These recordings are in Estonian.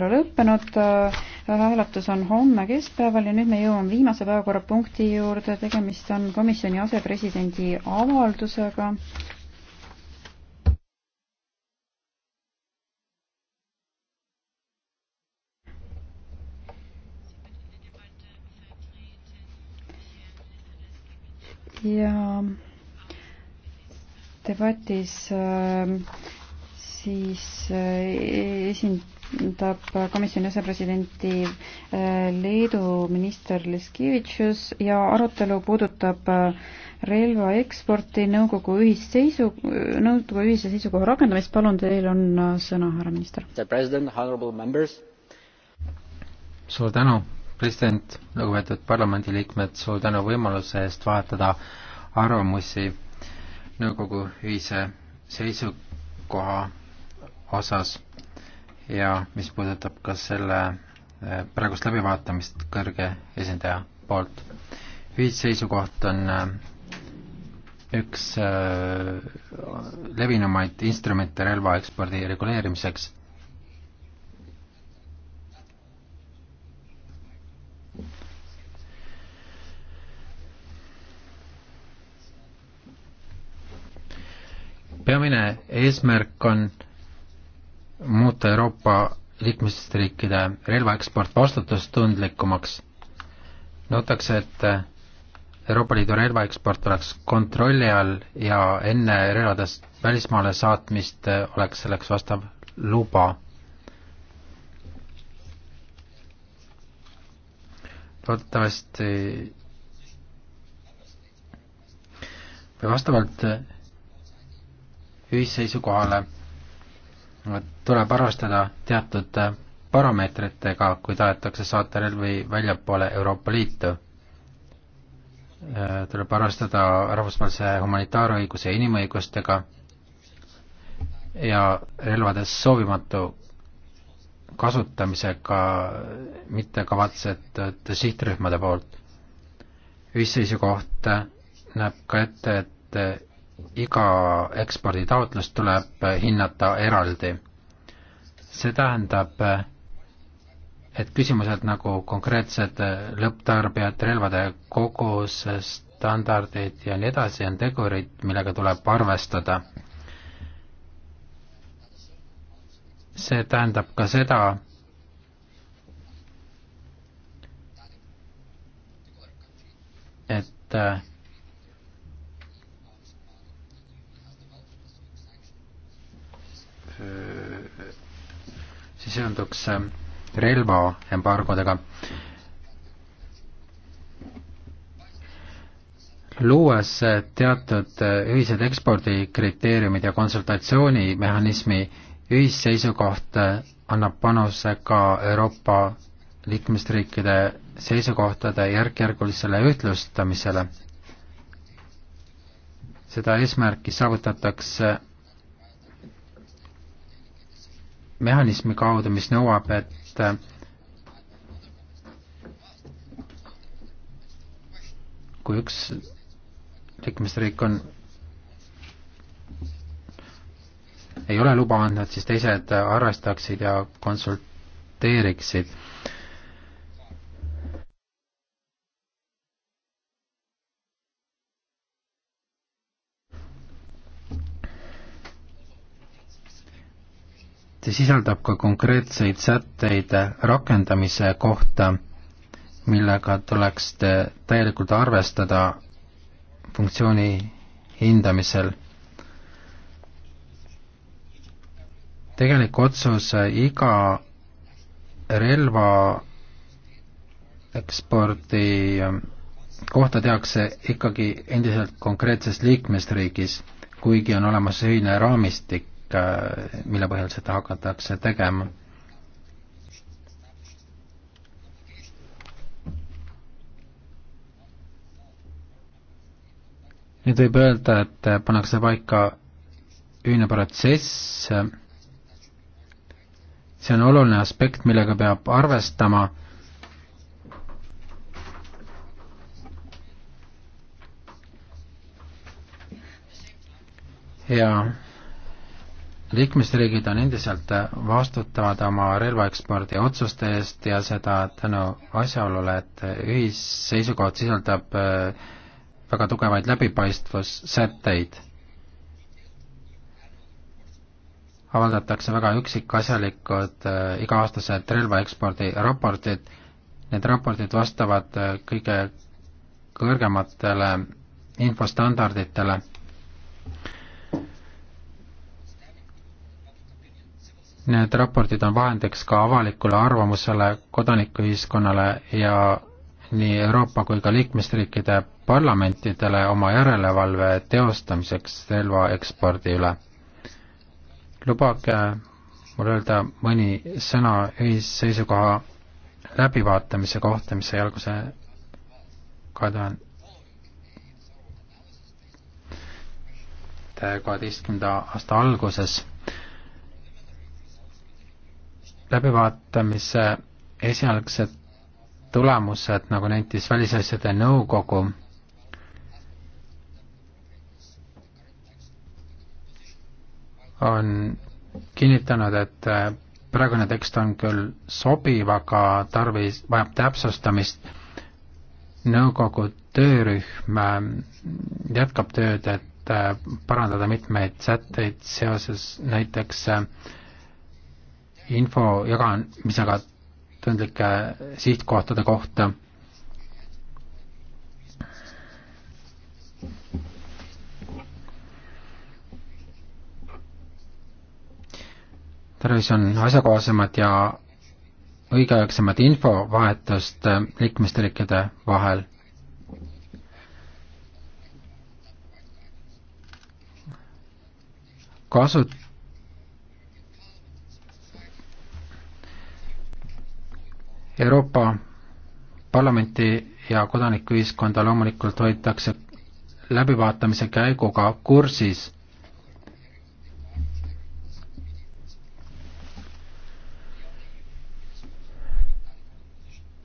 lõppenud. hääletus äh, on homme keskpäeval ja nüüd me jõuame viimase päevakorrapunkti juurde. tegemist on komisjoni asepresidendi avaldusega. ja debatis äh, siis eh, esindab komisjoni asepresidenti eh, Leedu minister Leskivitšus ja arutelu puudutab eh, relva eksporti nõukogu ühisseisu, nõukogu ühise seisukoha rakendamist. palun, teil on sõna, härra minister. suur tänu, president, lugupeetud parlamendiliikmed, suur tänu võimaluse eest vahetada arvamusi nõukogu ühise seisukoha osas ja mis puudutab ka selle eh, praegust läbivaatamist kõrge esindaja poolt. ühisseisukoht on eh, üks eh, levinumaid instrumente relvaekspordi reguleerimiseks. peamine eesmärk on muuta Euroopa liikmesriikide relvaeksport vastutustundlikumaks. nõutakse, et Euroopa Liidu relvaeksport oleks kontrolli all ja enne relvadest välismaale saatmist oleks selleks vastav luba. loodetavasti või vastavalt ühisseisukohale tuleb arvestada teatud parameetritega, kui tahetakse saata relvi väljapoole Euroopa Liitu. tuleb arvestada rahvusvahelise humanitaarõiguse ja inimõigustega ja relvades soovimatu kasutamisega mittekavatsetud sihtrühmade poolt. ühisseisukoht näeb ka ette, et iga eksporditaotlust tuleb hinnata eraldi. see tähendab, et küsimused nagu konkreetsed lõpptarbijad, relvade kogus, standardid ja nii edasi on tegurid, millega tuleb arvestada. see tähendab ka seda, et see seonduks äh, relvaembargodega. luues äh, teatud äh, ühised ekspordikriteeriumid ja konsultatsioonimehhanismi ühisseisukoht annab panuse ka Euroopa liikmesriikide seisukohtade järk-järgulisele ühtlustamisele. seda eesmärki saavutatakse mehhanismi kaudu, mis nõuab, et kui üks liikmesriik on, ei ole luba andnud, siis teised arvestaksid ja konsulteeriksid sisaldab ka konkreetseid sätteid rakendamise kohta, millega tuleks täielikult arvestada funktsiooni hindamisel. tegelik otsus iga relva ekspordi kohta tehakse ikkagi endiselt konkreetses liikmesriigis, kuigi on olemas ühine raamistik praktika, mille põhjal seda hakatakse tegema. nüüd võib öelda, et pannakse paika ühine protsess, see on oluline aspekt, millega peab arvestama ja liikmesriigid on endiselt vastutavad oma relvaekspordi otsuste eest ja seda tänu asjaolule, et ühisseisukoht sisaldab äh, väga tugevaid läbipaistvussätteid. avaldatakse väga üksikasjalikud äh, iga-aastased relvaekspordi raportid, need raportid vastavad äh, kõige kõrgematele infostandarditele Need raportid on vahendiks ka avalikule arvamusele, kodanikuühiskonnale ja nii Euroopa kui ka liikmesriikide parlamentidele oma järelevalve teostamiseks relva ekspordi üle. lubage mul öelda mõni sõna ühisseisukoha läbivaatamise kohta, mis sai alguse kahe tuhande kaheteistkümnenda aasta alguses läbivaatamise esialgsed tulemused, nagu nentis Välisasjade Nõukogu, on kinnitanud, et äh, praegune tekst on küll sobiv, aga tarvis, vajab täpsustamist. nõukogu töörühm äh, jätkab tööd, et äh, parandada mitmeid sätteid seoses näiteks äh, info jagamisega tundlike sihtkohtade kohta. tarvis on asjakohasemat ja õigeaegsemat infovahetust liikmesriikide vahel kasut-, Euroopa Parlamenti ja kodanikuühiskonda loomulikult hoitakse läbivaatamise käiguga kursis.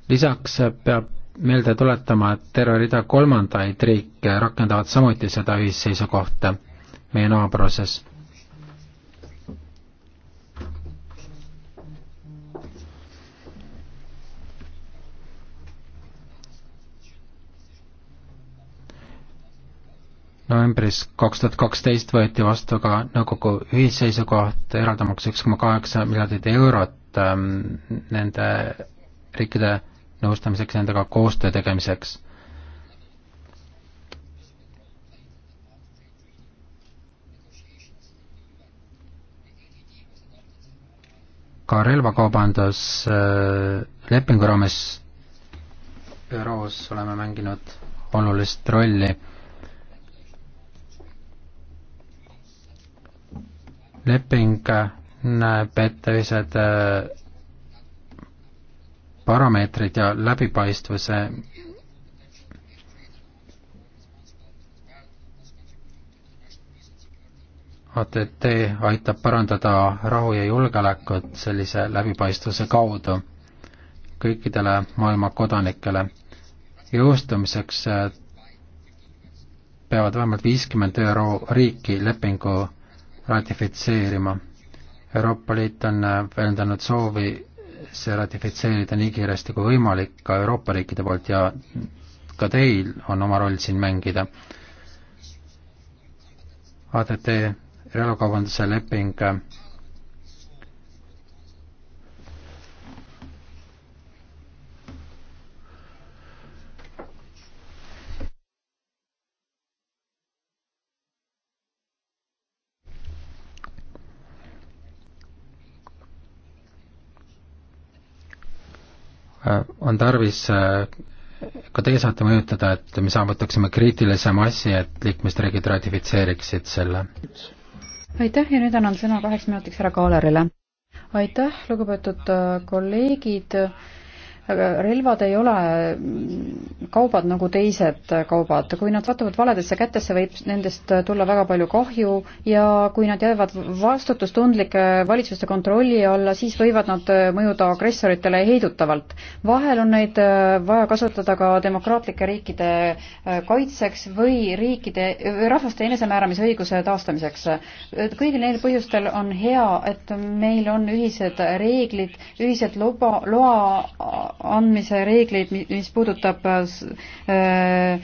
lisaks peab meelde tuletama, et terve rida kolmandaid riike rakendavad samuti seda ühisseisukohta meie naabruses novembris kaks tuhat kaksteist võeti vastu ka nõukogu ühisseisukoht eraldamaks üks koma kaheksa miljardit eurot ähm, nende riikide nõustamiseks, nendega koostöö tegemiseks. ka relvakaubandus äh, lepingu raames büroos oleme mänginud olulist rolli leping näeb ette ühised äh, parameetrid ja läbipaistvuse OTT aitab parandada rahu ja julgeolekut sellise läbipaistvuse kaudu kõikidele maailma kodanikele. jõustumiseks äh, peavad vähemalt viiskümmend ÜRO riiki lepingu ratifitseerima. Euroopa Liit on äh, väljendanud soovi see ratifitseerida nii kiiresti kui võimalik ka Euroopa riikide poolt ja ka teil on oma roll siin mängida. ATT relvakaubanduse leping on tarvis äh, ka teie saate mõjutada, et me saavutaksime kriitilise massi, et liikmesriigid ratifitseeriksid selle? aitäh ja nüüd annan sõna kaheks minutiks härra Kaalerile. aitäh, lugupeetud äh, kolleegid relvad ei ole kaubad nagu teised kaubad. kui nad satuvad valedesse kätesse, võib nendest tulla väga palju kahju ja kui nad jäävad vastutustundlike valitsuste kontrolli alla, siis võivad nad mõjuda agressoritele heidutavalt. vahel on neid vaja kasutada ka demokraatlike riikide kaitseks või riikide, rahvaste enesemääramisõiguse taastamiseks. kõigil neil põhjustel on hea, et meil on ühised reeglid, ühised luba, loa andmise reegleid, mis puudutab äh, äh,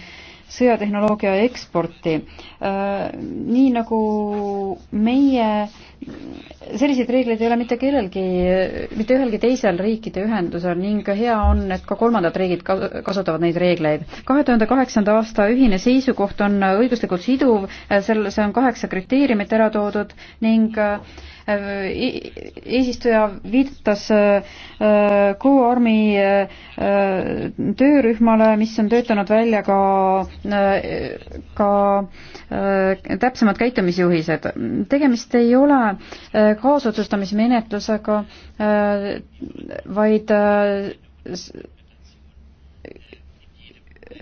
sõjatehnoloogia eksporti. Äh, nii nagu meie selliseid reegleid ei ole mitte kellelgi, mitte ühelgi teisel riikide ühendusel ning hea on, et ka kolmandad riigid kasutavad neid reegleid. kahe tuhande kaheksanda aasta ühine seisukoht on õiguslikult siduv, seal, see on kaheksa kriteeriumit ära toodud ning äh, e-, eesistuja viitas Q-Armi äh, äh, töörühmale, mis on töötanud välja ka, ka täpsemad käitumisjuhised. tegemist ei ole kaasotsustamismenetlusega, äh, vaid äh,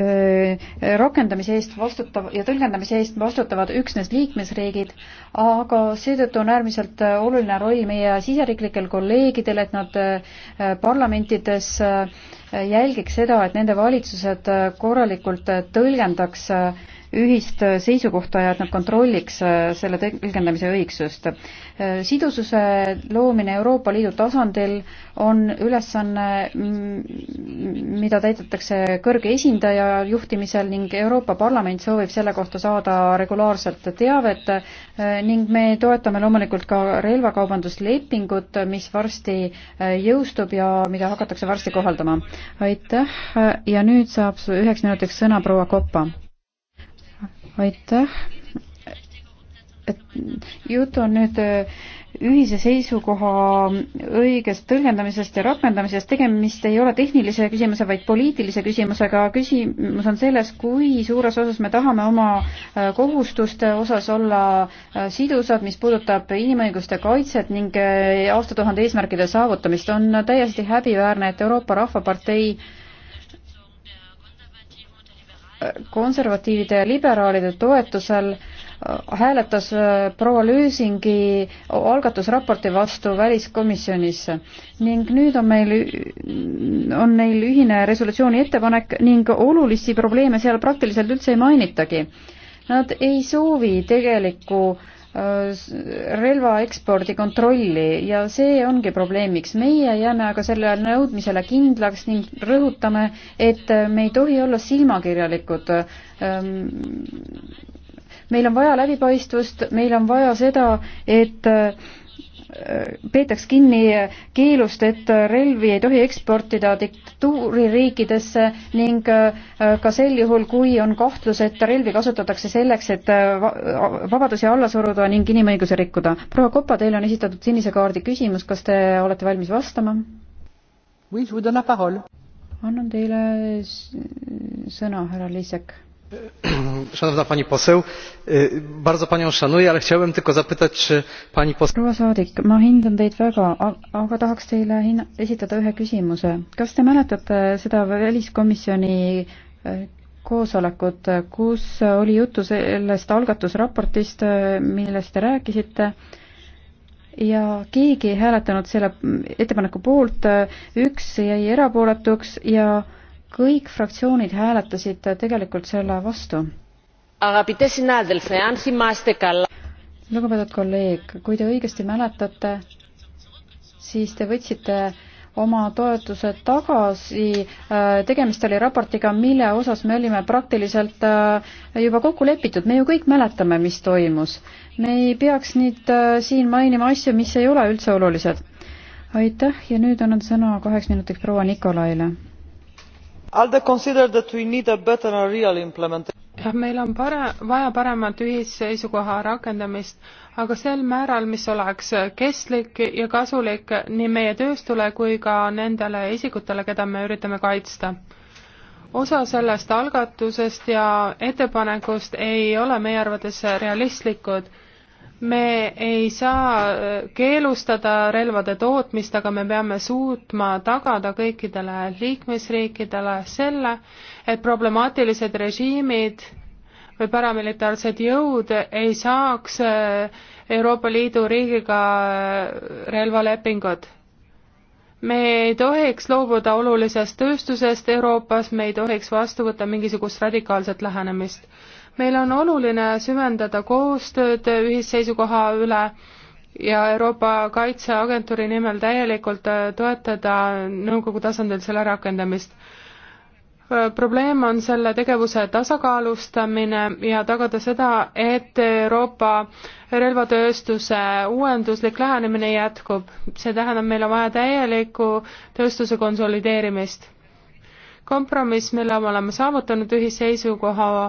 äh, rakendamise eest vastutav ja tõlgendamise eest vastutavad üksnes liikmesriigid, aga seetõttu on äärmiselt oluline roll meie siseriiklikel kolleegidel, et nad parlamentides jälgiks seda, et nende valitsused korralikult tõlgendaks äh, ühist seisukohta ja et nad kontrolliks äh, selle tõlgendamise õigsust. Äh, sidususe loomine Euroopa Liidu tasandil on ülesanne, mm, mida täidetakse kõrge esindaja juhtimisel ning Euroopa Parlament soovib selle kohta saada regulaarselt teavet äh, ning me toetame loomulikult ka relvakaubanduslepingut, mis varsti jõustub ja mida hakatakse varsti kohaldama. aitäh ja nüüd saab üheks minutiks sõna proua Koppa aitäh. et jutt on nüüd äh, ühise seisukoha õigest tõlgendamisest ja rakendamisest, tegemist ei ole tehnilise küsimuse, vaid poliitilise küsimusega. küsimus on selles, kui suures osas me tahame oma äh, kohustuste osas olla äh, sidusad, mis puudutab inimõiguste kaitset ning aastatuhande eesmärkide saavutamist. on täiesti häbiväärne, et Euroopa Rahvapartei äh, konservatiivide ja liberaalide toetusel äh, hääletas äh, proua Lüüsingi algatusraporti vastu väliskomisjonis ning nüüd on meil, on neil ühine resolutsiooni ettepanek ning olulisi probleeme seal praktiliselt üldse ei mainitagi. Nad ei soovi tegelikku äh, Äh, relvaekspordi kontrolli ja see ongi probleemiks. meie jääme aga sellele nõudmisele kindlaks ning rõhutame, et me ei tohi olla silmakirjalikud. Ähm, meil on vaja läbipaistvust, meil on vaja seda, et äh, peetaks kinni keelust, et relvi ei tohi eksportida diktatuuririikidesse ning äh, ka sel juhul, kui on kahtlus, et relvi kasutatakse selleks, et äh, vabadusi alla suruda ning inimõigusi rikkuda. proua Kopa, teile on esitatud sinise kaardi küsimus, kas te olete valmis vastama? annan teile sõna, härra Liisek szanowna pani poseł bardzo panią szanuję ale chciałem tylko zapytać czy pani poseł ma hindan teid väga aga tahaks teile hinna, esitada ühe küsimuse kas te mäletate seda väliskomisjoni e, koosolekut kus oli juttu sellest algatusraportist e, millest te rääkisite ja keegi ei hääletanud selle ettepaneku poolt e, üks jäi erapooletuks ja kõik fraktsioonid hääletasid tegelikult selle vastu. lugupeetud kolleeg, kui te õigesti mäletate, siis te võtsite oma toetuse tagasi. Äh, tegemist oli raportiga, mille osas me olime praktiliselt äh, juba kokku lepitud, me ju kõik mäletame, mis toimus. me ei peaks nüüd äh, siin mainima asju, mis ei ole üldse olulised. aitäh ja nüüd annan sõna kaheks minutiks proua Nikolaile jah meil on pare- vaja paremat ühisseisukoha rakendamist aga sel määral mis oleks kestlik ja kasulik nii meie tööstule kui ka nendele isikutele keda me üritame kaitsta osa sellest algatusest ja ettepanekust ei ole meie arvates realistlikud me ei saa äh, keelustada relvade tootmist, aga me peame suutma tagada kõikidele liikmesriikidele selle, et problemaatilised režiimid või paramilitaarsed jõud ei saaks äh, Euroopa Liidu riigiga äh, relvalepingut. me ei tohiks loobuda olulisest tööstusest Euroopas, me ei tohiks vastu võtta mingisugust radikaalset lähenemist meil on oluline süvendada koostööd ühisseisukoha üle ja Euroopa Kaitseagentuuri nimel täielikult äh, toetada nõukogu tasandil selle rakendamist. Äh, probleem on selle tegevuse tasakaalustamine ja tagada seda, et Euroopa relvatööstuse uuenduslik lähenemine jätkub. see tähendab, meil on vaja täielikku tööstuse konsolideerimist. kompromiss, mille me oleme saavutanud ühisseisukoha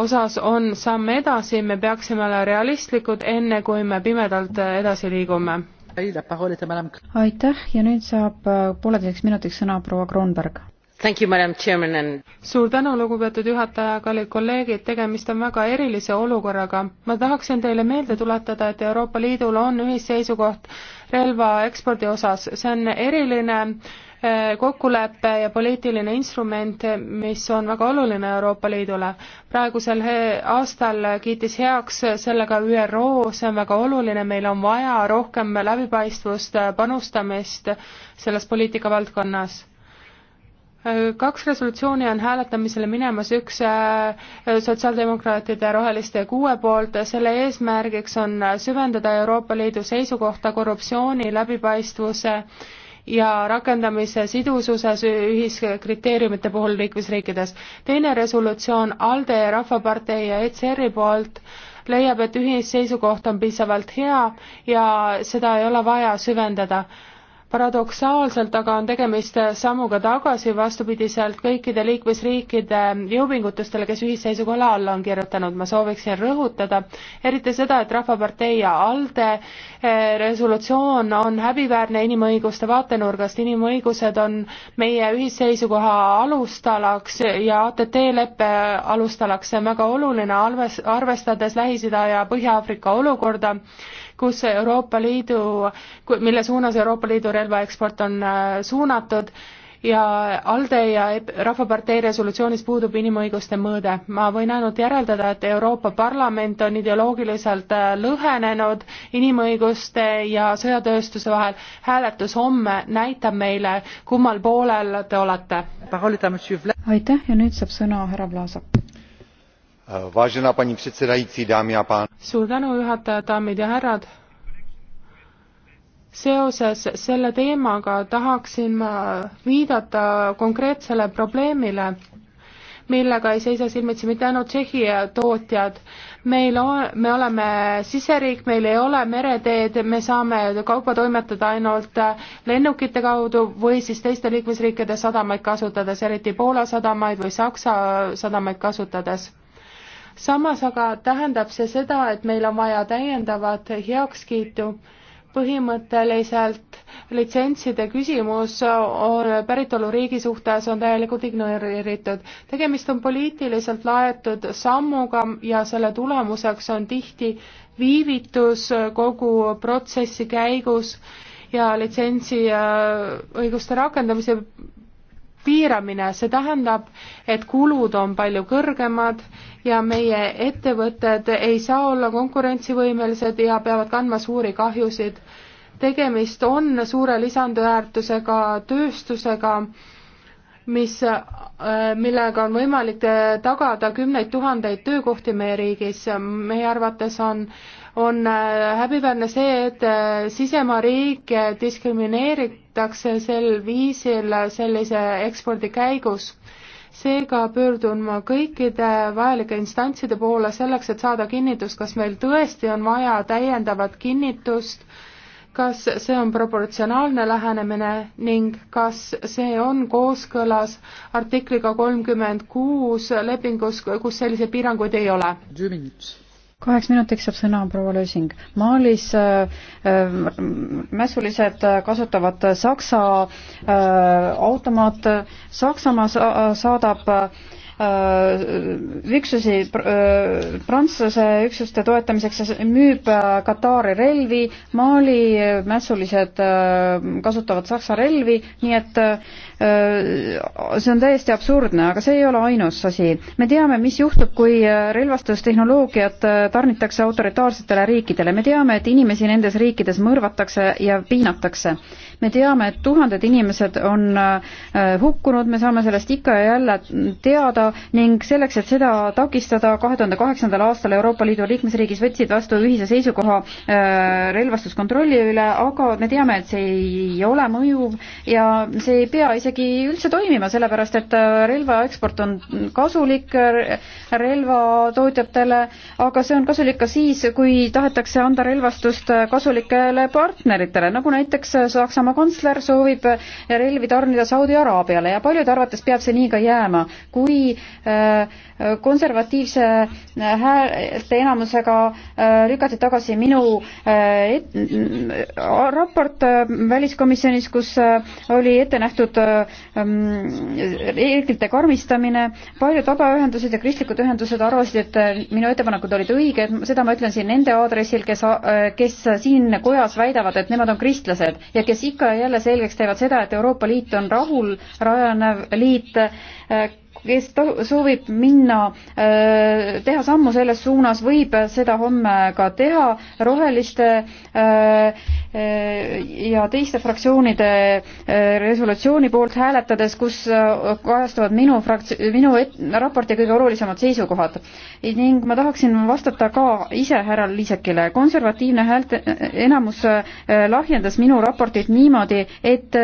osas on samm edasi, me peaksime olema realistlikud, enne kui me pimedalt edasi liigume. aitäh ja nüüd saab äh, pooleteiseks minutiks sõna proua Kroonberg You, suur tänu, lugupeetud juhataja, kallid kolleegid, tegemist on väga erilise olukorraga. ma tahaksin teile meelde tuletada, et Euroopa Liidul on ühisseisukoht relva ekspordi osas, see on eriline eh, kokkulepe ja poliitiline instrument, mis on väga oluline Euroopa Liidule. praegusel aastal kiitis heaks sellega ÜRO, see on väga oluline, meil on vaja rohkem läbipaistvust, panustamist selles poliitikavaldkonnas kaks resolutsiooni on hääletamisele minemas, üks äh, sotsiaaldemokraatide, roheliste ja kuue poolt, selle eesmärgiks on süvendada Euroopa Liidu seisukohta korruptsiooni, läbipaistvuse ja rakendamise sidususes ühiskriteeriumite puhul liikmesriikides. teine resolutsioon ALDE, Rahvapartei ja ECR-i poolt leiab, et ühisseisukoht on piisavalt hea ja seda ei ole vaja süvendada paradoksaalselt aga on tegemist sammuga tagasi vastupidiselt kõikide liikmesriikide jõupingutustele, kes ühisseisukohale alla on kirjutanud. ma sooviksin rõhutada eriti seda, et Rahvapartei ja ALDE eh, resolutsioon on häbiväärne inimõiguste vaatenurgast. inimõigused on meie ühisseisukoha alustalaks ja ATT leppe alustalaks. see on väga oluline, arvestades Lähis-Ida ja Põhja-Aafrika olukorda kus Euroopa Liidu, mille suunas Euroopa Liidu relvaeksport on äh, suunatud ja ALDE ja e Rahvapartei resolutsioonis puudub inimõiguste mõõde. ma võin ainult järeldada, et Euroopa Parlament on ideoloogiliselt äh, lõhenenud inimõiguste ja sõjatööstuse vahel. hääletus homme näitab meile, kummal poolel te olete. aitäh ja nüüd saab sõna härra Vlasak vážená paní předsedající dámy a pánové suur tänu juhataja daamid ja härrad seoses selle teemaga tahaksin ma viidata konkreetsele probleemile millega ei seisa silmitsi mitte ainult Tšehhi tootjad. meil on, me oleme siseriik, meil ei ole mereteed, me saame kauba toimetada ainult lennukite kaudu või siis teiste liikmesriikide sadamaid kasutades, eriti Poola sadamaid või Saksa sadamaid kasutades samas aga tähendab see seda, et meil on vaja täiendavat heakskiitu põhimõtteliselt litsentside küsimus päritoluriigi suhtes on täielikult ignoreeritud. tegemist on poliitiliselt laetud sammuga ja selle tulemuseks on tihti viivitus kogu protsessi käigus ja litsentsi äh, õiguste rakendamise piiramine, see tähendab, et kulud on palju kõrgemad ja meie ettevõtted ei saa olla konkurentsivõimelised ja peavad kandma suuri kahjusid. tegemist on suure lisandväärtusega tööstusega, mis, äh, millega on võimalik tagada kümneid tuhandeid töökohti meie riigis, meie arvates on on äh, häbiväärne see, et äh, sisemaa riike diskrimineerib soovitakse sel viisil sellise ekspordi käigus. seega pöördun ma kõikide vajalike instantside poole selleks, et saada kinnitust, kas meil tõesti on vaja täiendavat kinnitust, kas see on proportsionaalne lähenemine ning kas see on kooskõlas artikliga kolmkümmend kuus lepingus, kus selliseid piiranguid ei ole kaheks minutiks saab sõna proua Lösing. Malis äh, äh, mässulised kasutavad Saksa äh, automaat, Saksamaa sa saadab äh, üksusi äh, Prantsuse üksuste toetamiseks ja müüb äh, Katari relvi, Mali mässulised kasutavad Saksa relvi, nii et see on täiesti absurdne, aga see ei ole ainus asi. me teame, mis juhtub, kui relvastustehnoloogiat tarnitakse autoritaarsetele riikidele. me teame, et inimesi nendes riikides mõrvatakse ja piinatakse. me teame, et tuhanded inimesed on hukkunud, me saame sellest ikka ja jälle teada ning selleks, et seda takistada, kahe tuhande kaheksandal aastal Euroopa Liidu liikmesriigis võtsid vastu ühise seisukoha relvastuskontrolli üle, aga me teame, et see ei ole mõjuv ja see ei pea isegi isegi üldse toimima, sellepärast et äh, relva eksport on kasulik äh, relvatootjatele, aga see on kasulik ka siis, kui tahetakse anda relvastust äh, kasulikele partneritele, nagu näiteks Saksamaa kantsler soovib relvi tarnida Saudi Araabiale ja paljude arvates peab see nii ka jääma. kui äh, konservatiivse äh, häälte enamusega äh, lükati tagasi minu äh, et, raport väliskomisjonis, kus oli ette nähtud mm, reeglite karmistamine. paljud vabaühendused ja kristlikud ühendused arvasid, et minu ettepanekud olid õiged, seda ma ütlen siin nende aadressil, kes, kes siin kojas väidavad, et nemad on kristlased ja kes ikka ja jälle selgeks teevad seda, et Euroopa Liit on rahul rajanev liit kes soovib minna, äh, teha sammu selles suunas, võib seda homme ka teha. roheliste äh, äh, ja teiste fraktsioonide resolutsiooni poolt hääletades, kus kajastuvad minu frakts-, minu et-, raporti kõige olulisemad seisukohad. ning ma tahaksin vastata ka ise härra Liisekile. konservatiivne häälte, enamus lahjendas minu raportit niimoodi, et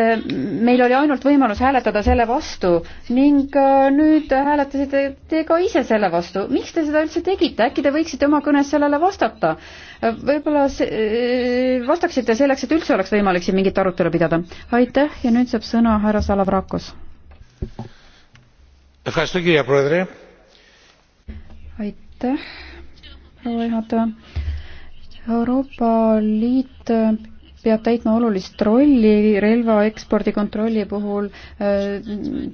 meil oli ainult võimalus hääletada selle vastu ning nüüd nüüd hääletasite te ka ise selle vastu. miks te seda üldse tegite, äkki te võiksite oma kõnes sellele vastata? võib-olla äh, vastaksite selleks, et üldse oleks võimalik siin mingit arutelu pidada. aitäh ja nüüd saab sõna härra Salavrakos. aitäh, proua juhataja. Euroopa Liit peab täitma olulist rolli relva ekspordi kontrolli puhul, äh,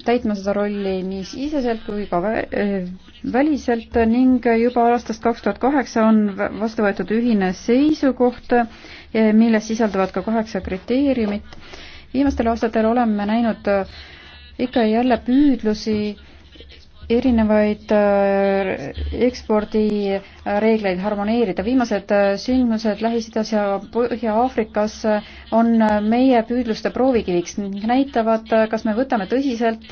täitma seda rolli nii siseselt kui ka äh, väliselt ning juba aastast kaks tuhat kaheksa on vastu võetud ühine seisukoht, äh, milles sisalduvad ka kaheksa kriteeriumit. viimastel aastatel oleme näinud ikka ja jälle püüdlusi erinevaid äh, ekspordireegleid harmoneerida. viimased äh, sündmused Lähis-Idas ja Põhja-Aafrikas äh, on meie püüdluste proovikiviks ning näitavad, kas me võtame tõsiselt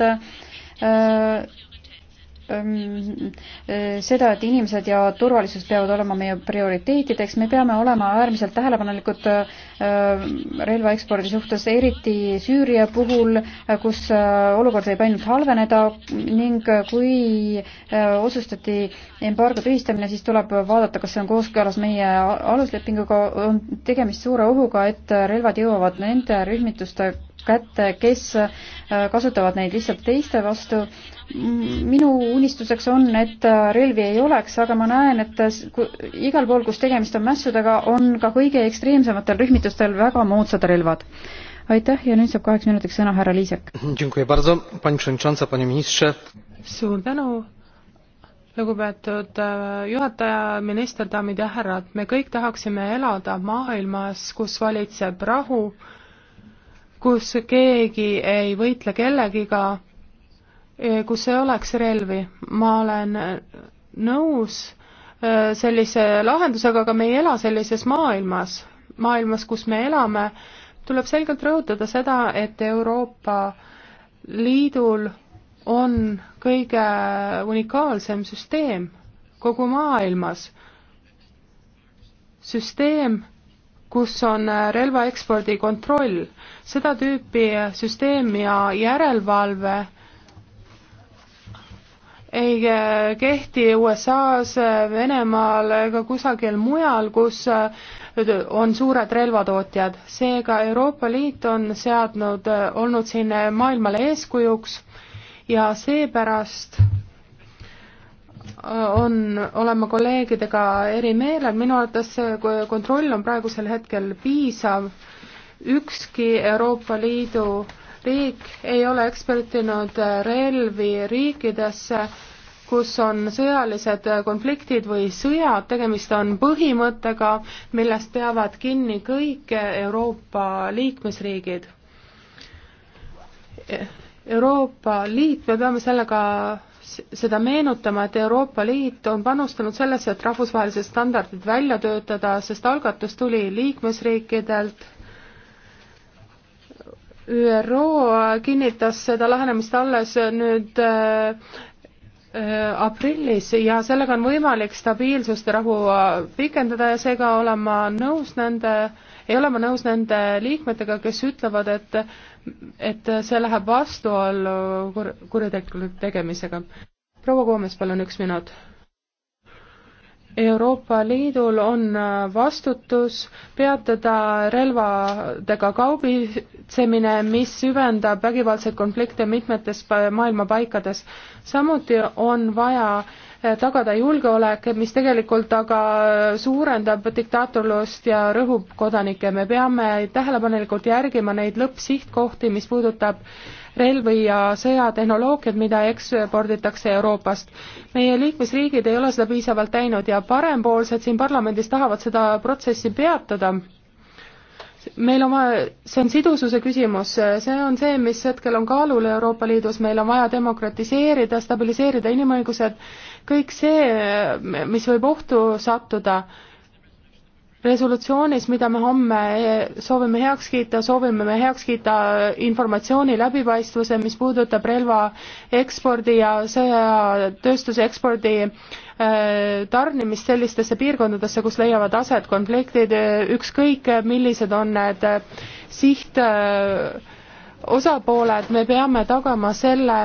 Ehm, eh, seda, et inimesed ja turvalisus peavad olema meie prioriteetideks, me peame olema äärmiselt tähelepanelikud ehm, relvaekspordi suhtes, eriti Süüria puhul, eh, kus eh, olukord võib ainult halveneda ning kui otsustati embargo tühistamine, siis tuleb vaadata, kas see on kooskõlas meie aluslepinguga, on tegemist suure ohuga, et relvad jõuavad nende rühmituste kätte, kes äh, kasutavad neid lihtsalt teiste vastu. minu unistuseks on, et äh, relvi ei oleks, aga ma näen, et äh, igal pool, kus tegemist on mässudega, on ka kõige ekstreemsematel rühmitustel väga moodsad relvad aitäh ja nüüd saab kaheks minutiks sõna härra Liisek. suur tänu, lugupeetud juhataja, minister, daamid ja härrad, me kõik tahaksime elada maailmas, kus valitseb rahu, kus keegi ei võitle kellegiga, kus ei oleks relvi. ma olen nõus äh, sellise lahendusega, aga me ei ela sellises maailmas. maailmas, kus me elame, tuleb selgelt rõhutada seda, et Euroopa Liidul on kõige unikaalsem süsteem kogu maailmas. süsteem, kus on äh, relvaekspordi kontroll. seda tüüpi äh, süsteem ja järelevalve ei äh, kehti USA-s, Venemaal ega kusagil mujal, kus on suured relvatootjad. seega Euroopa Liit on seadnud, olnud siin maailmale eeskujuks ja seepärast on, olen ma kolleegidega eri meelel, minu arvates see kontroll on praegusel hetkel piisav, ükski Euroopa Liidu riik ei ole eksportinud relvi riikidesse, kus on sõjalised konfliktid või sõjad, tegemist on põhimõttega, millest peavad kinni kõik Euroopa liikmesriigid. Euroopa Liit, me peame sellega seda meenutama, et Euroopa Liit on panustanud sellesse, et rahvusvahelised standardid välja töötada, sest algatus tuli liikmesriikidelt. ÜRO kinnitas seda lähenemist alles nüüd äh, äh aprillis ja sellega on võimalik stabiilsust ja rahu äh, pikendada ja seega olen ma nõus nende, ei ole ma nõus nende liikmetega, kes ütlevad, et et see läheb vastuollu kur-, kuritegelik tegemisega. proua Koomes, palun üks minut. Euroopa Liidul on vastutus peatada relvadega kaubitsemine, mis süvendab vägivaldseid konflikte mitmetes maailma paikades. samuti on vaja äh, Äh, tagada julgeolek, mis tegelikult aga suurendab diktaatorlust ja rõhub kodanikke. me peame tähelepanelikult järgima neid lõppsihtkohti, mis puudutab relvi ja sõjatehnoloogiat, mida eksporditakse Euroopast. meie liikmesriigid ei ole seda piisavalt teinud ja parempoolsed siin parlamendis tahavad seda protsessi peatada meil on vaja, see on sidususe küsimus, see on see, mis hetkel on kaalul Euroopa Liidus, meil on vaja demokratiseerida, stabiliseerida inimõigused kõik see, mis võib ohtu sattuda, resolutsioonis, mida me homme eh, soovime heaks kiita, soovime me heaks kiita informatsiooni läbipaistvuse, mis puudutab relva ekspordi ja sõjatööstuse ekspordi eh, tarnimist sellistesse piirkondadesse, kus leiavad aset konfliktid, ükskõik millised on need siht eh, osapooled, me peame tagama selle,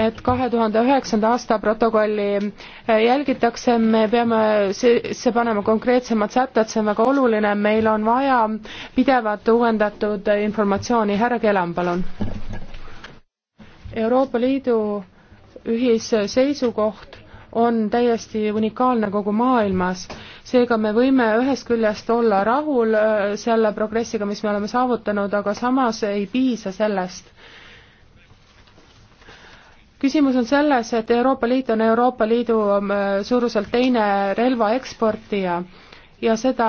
et kahe tuhande üheksanda aasta protokolli eh, jälgitakse, me peame sisse panema konkreetsemad sätted, see on väga oluline, meil on vaja pidevat uuendatud informatsiooni, härra Kelam, palun. Euroopa Liidu ühisseisukoht on täiesti unikaalne kogu maailmas, seega me võime ühest küljest olla rahul eh, selle progressiga, mis me oleme saavutanud, aga samas ei piisa sellest küsimus on selles, et Euroopa Liit on Euroopa Liidu ähm, suuruselt teine relvaeksportija ja seda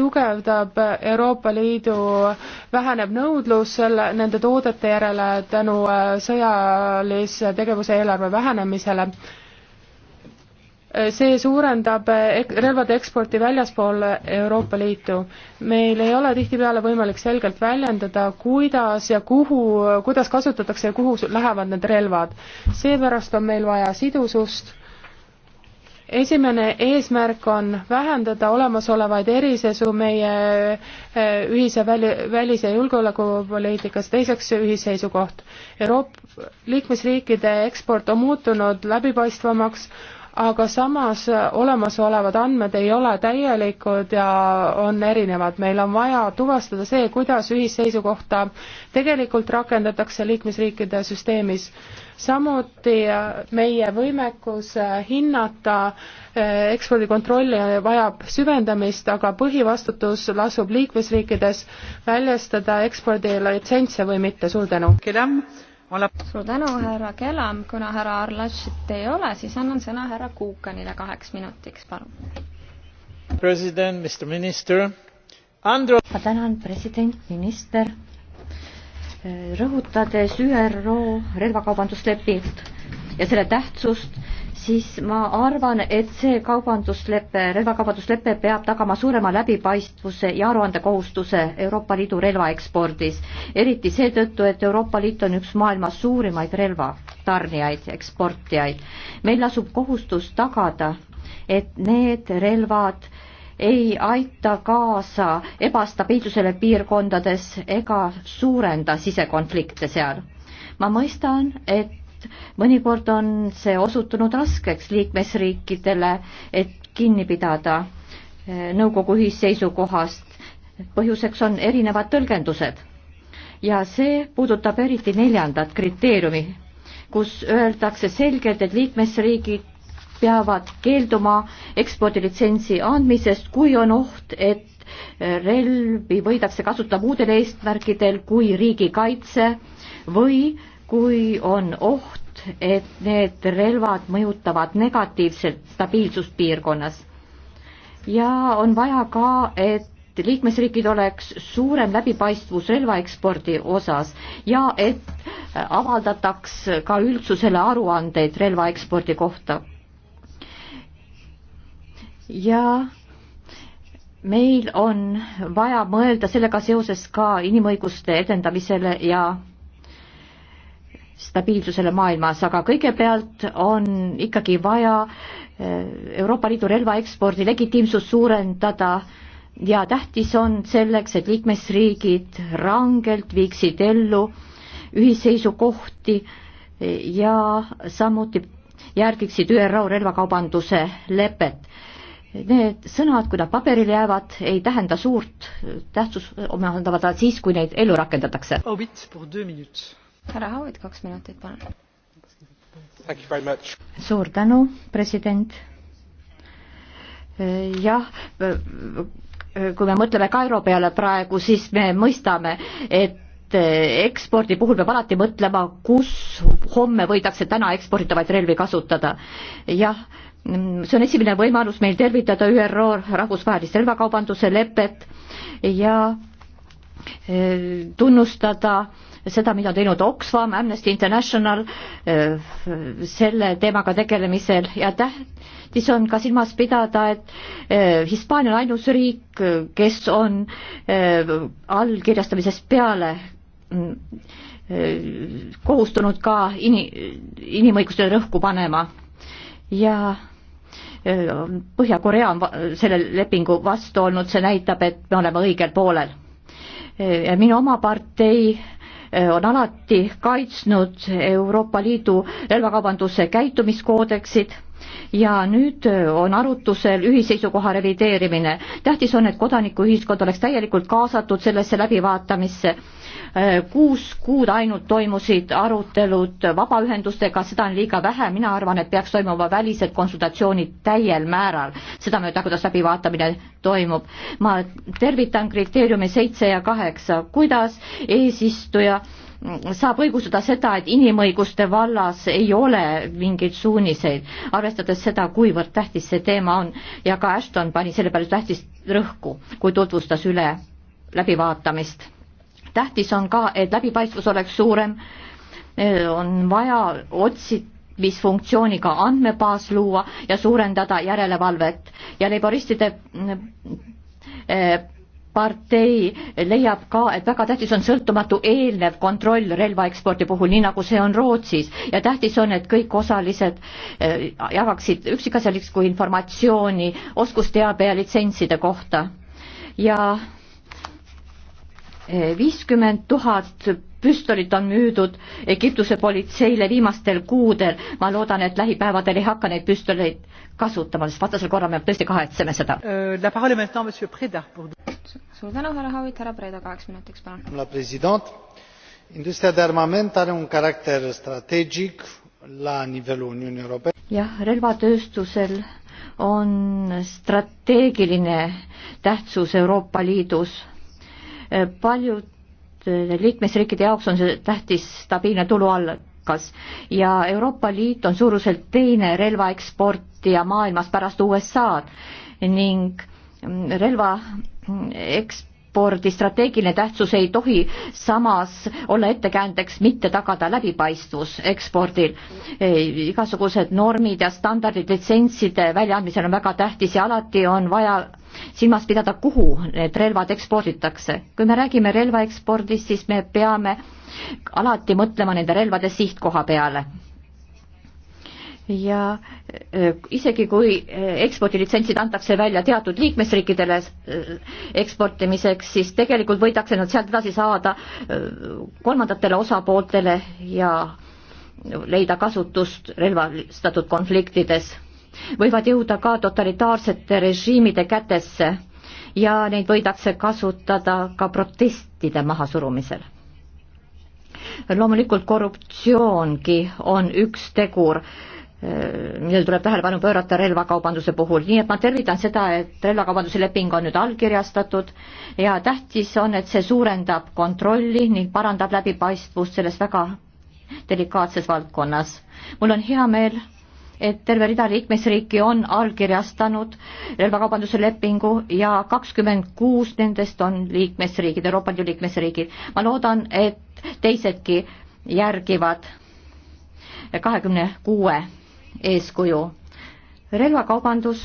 tugevdab Euroopa Liidu, väheneb nõudlus selle, nende toodete järele tänu äh, sõjalise tegevuse eelarve vähenemisele see suurendab relvade eksporti väljaspool Euroopa Liitu. meil ei ole tihtipeale võimalik selgelt väljendada, kuidas ja kuhu, kuidas kasutatakse ja kuhu lähevad need relvad. seepärast on meil vaja sidusust, esimene eesmärk on vähendada olemasolevaid erisesu meie eh, ühise väli, välis- ja julgeolekupoliitikas, teiseks ühisseisukoht. Euroopa liikmesriikide eksport on muutunud läbipaistvamaks, aga samas olemasolevad andmed ei ole täielikud ja on erinevad. meil on vaja tuvastada see, kuidas ühisseisukohta tegelikult rakendatakse liikmesriikide süsteemis. samuti äh, meie võimekus äh, hinnata äh, ekspordikontrolli vajab süvendamist, aga põhivastutus lasub liikmesriikides väljastada ekspordilitsentse või mitte. suur tänu! suur tänu, härra Kelam, kuna härra Arlašit ei ole, siis annan sõna härra Kuukanile kaheks minutiks, palun. president, Mr Minister. Andro... ma tänan, president, minister. rõhutades ÜRO relvakaubanduslepingut ja selle tähtsust, siis ma arvan, et see kaubanduslepe, relvakaubanduslepe peab tagama suurema läbipaistvuse ja aruandekohustuse Euroopa Liidu relvaekspordis. eriti seetõttu, et Euroopa Liit on üks maailma suurimaid relvatarnijaid, eksportijaid. meil lasub kohustus tagada, et need relvad ei aita kaasa ebastabiilsusele piirkondades ega suurenda sisekonflikte seal. ma mõistan, et sest mõnikord on see osutunud raskeks liikmesriikidele, et kinni pidada eh, nõukogu ühisseisukohast. põhjuseks on erinevad tõlgendused. ja see puudutab eriti neljandat kriteeriumi, kus öeldakse selgelt, et liikmesriigid peavad keelduma ekspordilitsentsi andmisest, kui on oht, et relvi võidakse kasutada muudel eesmärkidel kui riigikaitse või kui on oht, et need relvad mõjutavad negatiivselt stabiilsust piirkonnas. ja on vaja ka, et liikmesriigid oleks suurem läbipaistvus relvaekspordi osas ja et avaldataks ka üldsusele aruandeid relvaekspordi kohta. ja meil on vaja mõelda sellega seoses ka inimõiguste edendamisele ja stabiilsusele maailmas, aga kõigepealt on ikkagi vaja eh, Euroopa Liidu relvaekspordi legitiimsust suurendada ja tähtis on selleks, et liikmesriigid rangelt viiksid ellu ühisseisukohti ja samuti järgiksid ÜRO relvakaubanduse lepet. Need sõnad, kui nad paberile jäävad, ei tähenda suurt tähtsust, omandavad nad siis, kui neid ellu rakendatakse härra Haavet, kaks minutit, palun. suur tänu, president. jah, kui me mõtleme Kairo peale praegu, siis me mõistame, et ekspordi puhul peab alati mõtlema, kus homme võidakse täna eksporditavaid relvi kasutada. jah, see on esimene võimalus meil tervitada ÜRO rahvusvahelist relvakaubanduse lepet ja Eh, tunnustada seda, mida on teinud Oxfam, Amnesty International eh, selle teemaga tegelemisel ja tähtis on ka silmas pidada, et eh, Hispaania on ainus riik, kes on allkirjastamisest peale mm, kohustunud ka ini-, inimõigustele rõhku panema ja Põhja-Korea on selle lepingu vastu olnud, see näitab, et me oleme õigel poolel ja minu oma partei eh, on alati kaitsnud Euroopa Liidu relvakaubanduse käitumiskoodeksid ja nüüd äh, on arutusel ühiseisukoha revideerimine. tähtis on, et kodanikuühiskond oleks täielikult kaasatud sellesse läbivaatamisse. Äh, kuus kuud ainult toimusid arutelud vabaühendustega, seda on liiga vähe, mina arvan, et peaks toimuma välised konsultatsioonid täiel määral, sedamööda, kuidas läbivaatamine toimub. ma tervitan kriteeriumi seitse ja kaheksa, kuidas eesistuja äh, saab õigustada seda, et inimõiguste vallas ei ole mingeid suuniseid, arvestades seda, kuivõrd tähtis see teema on ja ka Ashton pani selle peale tähtist rõhku, kui tutvustas üle läbivaatamist. tähtis on ka, et läbipaistvus oleks suurem, on vaja otsida funktsiooniga andmebaas luua ja suurendada järelevalvet ja laboristide eh, partei leiab ka, et väga tähtis on sõltumatu eelnev kontroll relvaekspordi puhul, nii nagu see on Rootsis ja tähtis on, et kõik osalised äh, jagaksid üksikasjalikku informatsiooni oskusteabe ja litsentside kohta ja äh, viiskümmend tuhat püstolit on müüdud Egiptuse politseile viimastel kuudel. ma loodan, et lähipäevadel ei hakka neid püstoleid kasutama, sest vastasel korral me tõesti kahetseme seda. Euh, suur tänu, härra Haavit, härra Preda kaheks minutiks, palun. industria de armament are un caracter strategic la nivelul Uniunii Europene. jah, relvatööstusel on strateegiline tähtsus Euroopa Liidus. paljud et liikmesriikide jaoks on see tähtis stabiilne tuluallikas ja Euroopa Liit on suuruselt teine relvaeksportija maailmas pärast USA-d ning relva ekspordi strateegiline tähtsus ei tohi samas olla ettekäändeks mitte tagada läbipaistvus ekspordil. igasugused normid ja standardid litsentside väljaandmisel on väga tähtis ja alati on vaja silmas pidada, kuhu need relvad eksporditakse. kui me räägime relvaekspordist, siis me peame alati mõtlema nende relvade sihtkoha peale ja e, isegi kui e, ekspordilitsentsid antakse välja teatud liikmesriikidele e, eksportimiseks, siis tegelikult võidakse nad sealt edasi saada kolmandatele osapooltele ja leida kasutust relvastatud konfliktides võivad jõuda ka totalitaarsete režiimide kätesse ja neid võidakse kasutada ka protestide mahasurumisel. loomulikult korruptsioongi on üks tegur, eh, millele tuleb tähelepanu pöörata relvakaubanduse puhul, nii et ma tervitan seda, et relvakaubanduse leping on nüüd allkirjastatud ja tähtis on, et see suurendab kontrolli ning parandab läbipaistvust selles väga delikaatses valdkonnas. mul on hea meel et terve rida liikmesriiki on allkirjastanud relvakaubanduse lepingu ja kakskümmend kuus nendest on liikmesriigid, Euroopa Liidu liikmesriigid. ma loodan, et teisedki järgivad kahekümne kuue eeskuju. relvakaubandus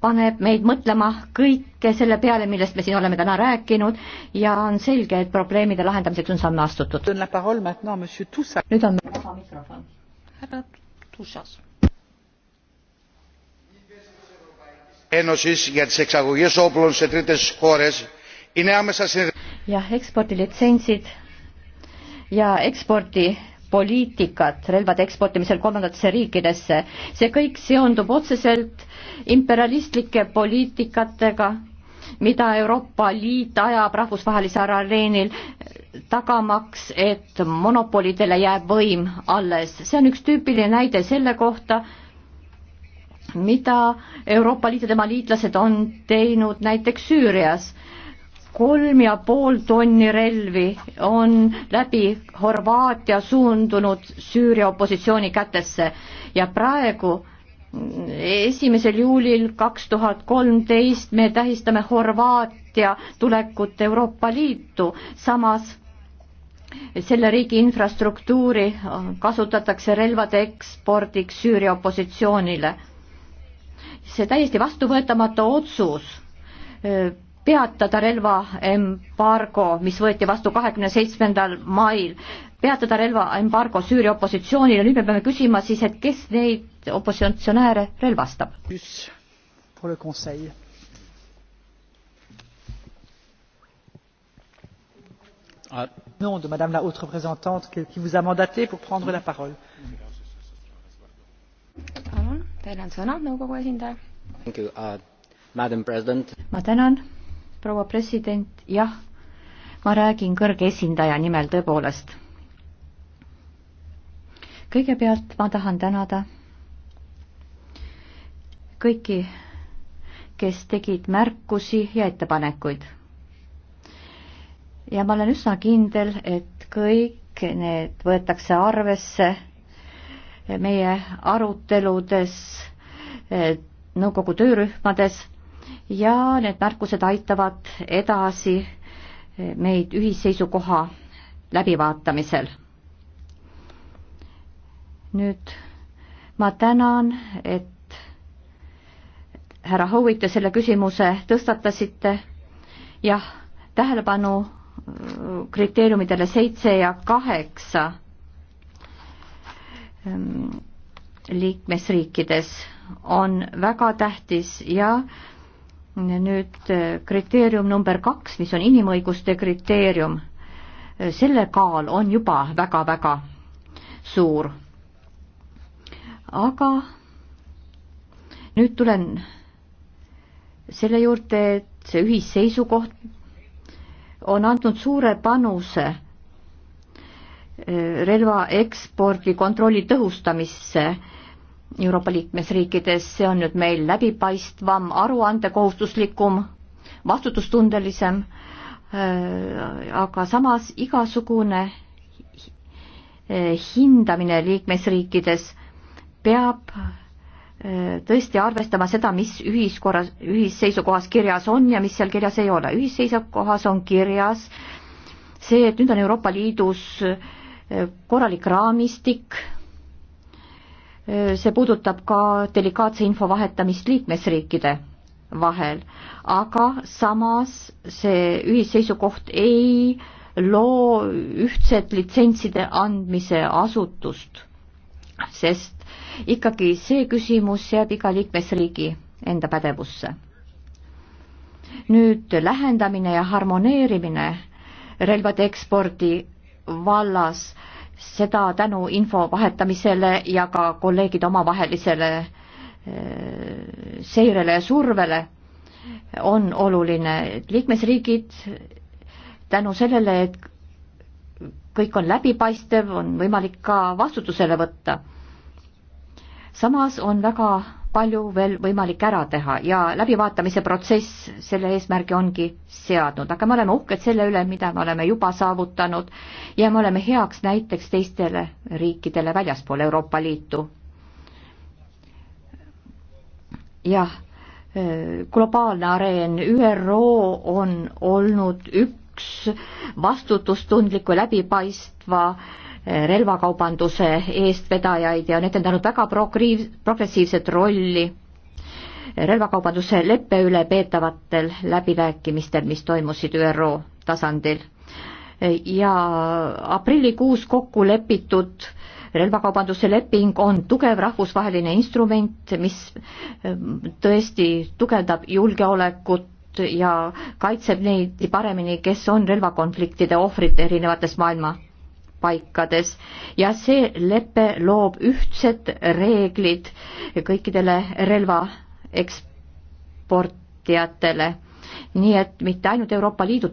paneb meid mõtlema kõike selle peale, millest me siin oleme täna rääkinud ja on selge, et probleemide lahendamiseks on samme astutud. nüüd on vaba mikrofon härra Tušas. jah, ekspordilitsentsid ja ekspordipoliitikat relvade eksportimisel kolmandatesse riikidesse, see kõik seondub otseselt imperialistlike poliitikatega mida Euroopa Liit ajab rahvusvahelisel areenil, tagamaks, et monopolidele jääb võim alles. see on üks tüüpiline näide selle kohta, mida Euroopa Liit ja tema liitlased on teinud näiteks Süürias kolm ja pool tonni relvi on läbi Horvaatia suundunud Süüria opositsiooni kätesse ja praegu esimesel juulil kaks tuhat kolmteist me tähistame Horvaatia tulekut Euroopa Liitu, samas selle riigi infrastruktuuri kasutatakse relvade ekspordiks Süüria opositsioonile. see täiesti vastuvõetamatu otsus peatada relvaembargo, mis võeti vastu kahekümne seitsmendal mail, peatada relvaembargo Süüria opositsioonile, nüüd me peame küsima siis, et kes neid opositsionääre relvastab? Ah. nom de madame la haute représentante qui vous a mandatée pour prendre la parole. palun, teil on sõna, nõukogu esindaja. Uh, ma tänan proua president, jah, ma räägin kõrge esindaja nimel tõepoolest. kõigepealt ma tahan tänada kõiki, kes tegid märkusi ja ettepanekuid. ja ma olen üsna kindel, et kõik need võetakse arvesse meie aruteludes, eh, nõukogu töörühmades ja need märkused aitavad edasi meid ühisseisukoha läbivaatamisel. nüüd ma tänan, et härra Howitt, te selle küsimuse tõstatasite. jah, tähelepanu äh, kriteeriumidele seitse ja kaheksa ähm, liikmesriikides on väga tähtis ja nüüd äh, kriteerium number kaks, mis on inimõiguste kriteerium, äh, selle kaal on juba väga-väga suur. aga nüüd tulen selle juurde, et see ühisseisukoht on andnud suure panuse äh, relva ekspordi kontrolli tõhustamisse Euroopa liikmesriikides, see on nüüd meil läbipaistvam, aruandekohustuslikum, vastutustundelisem, äh, aga samas igasugune hindamine liikmesriikides peab äh, tõesti arvestama seda, mis ühiskorras, ühisseisukohas kirjas on ja mis seal kirjas ei ole. ühisseisukohas on kirjas see, et nüüd on Euroopa Liidus äh, korralik raamistik see puudutab ka delikaatse info vahetamist liikmesriikide vahel, aga samas see ühisseisukoht ei loo ühtset litsentside andmise asutust, sest ikkagi see küsimus jääb iga liikmesriigi enda pädevusse. nüüd lähendamine ja harmoneerimine relvade ekspordi vallas äh, seda tänu info vahetamisele ja ka kolleegide omavahelisele eh, seirele ja survele on oluline, et liikmesriigid tänu sellele, et kõik on läbipaistev, on võimalik ka vastutusele võtta. samas on väga palju veel võimalik ära teha ja läbivaatamise protsess selle eesmärgi ongi seadnud, aga me oleme uhked selle üle, mida me oleme juba saavutanud ja me oleme heaks näiteks teistele riikidele väljaspool Euroopa Liitu. jah, globaalne areen, ÜRO on olnud üks vastutustundliku läbipaistva relvakaubanduse eestvedajaid ja need on teinud väga progriiv-, progressiivset rolli relvakaubanduse leppe üle peetavatel läbirääkimistel, mis toimusid ÜRO tasandil. ja aprillikuus kokku lepitud relvakaubanduse leping on tugev rahvusvaheline instrument, mis eh, tõesti tugevdab julgeolekut ja kaitseb neid paremini, kes on relvakonfliktide ohvrid erinevates maailma paikades ja see lepe loob ühtsed reeglid kõikidele relva eksportijatele. nii et mitte ainult Euroopa Liidu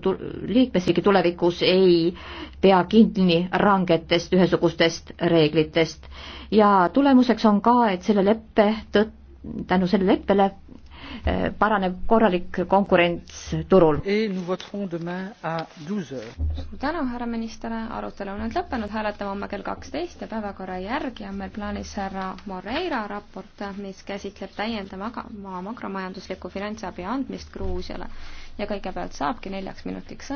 liikmesriigi tulevikus ei pea kinni rangetest ühesugustest reeglitest ja tulemuseks on ka, et selle leppe tõttu tänu sellele leppele Eh, paraneb korralik konkurents turul. suur tänu, härra minister, arutelu on nüüd lõppenud, hääletame homme kell kaksteist ja päevakorra järgi on meil plaanis härra Moreira raport, mis käsitleb täiendava makromajandusliku finantsabi andmist Gruusiale ja kõigepealt saabki neljaks minutiks sõna.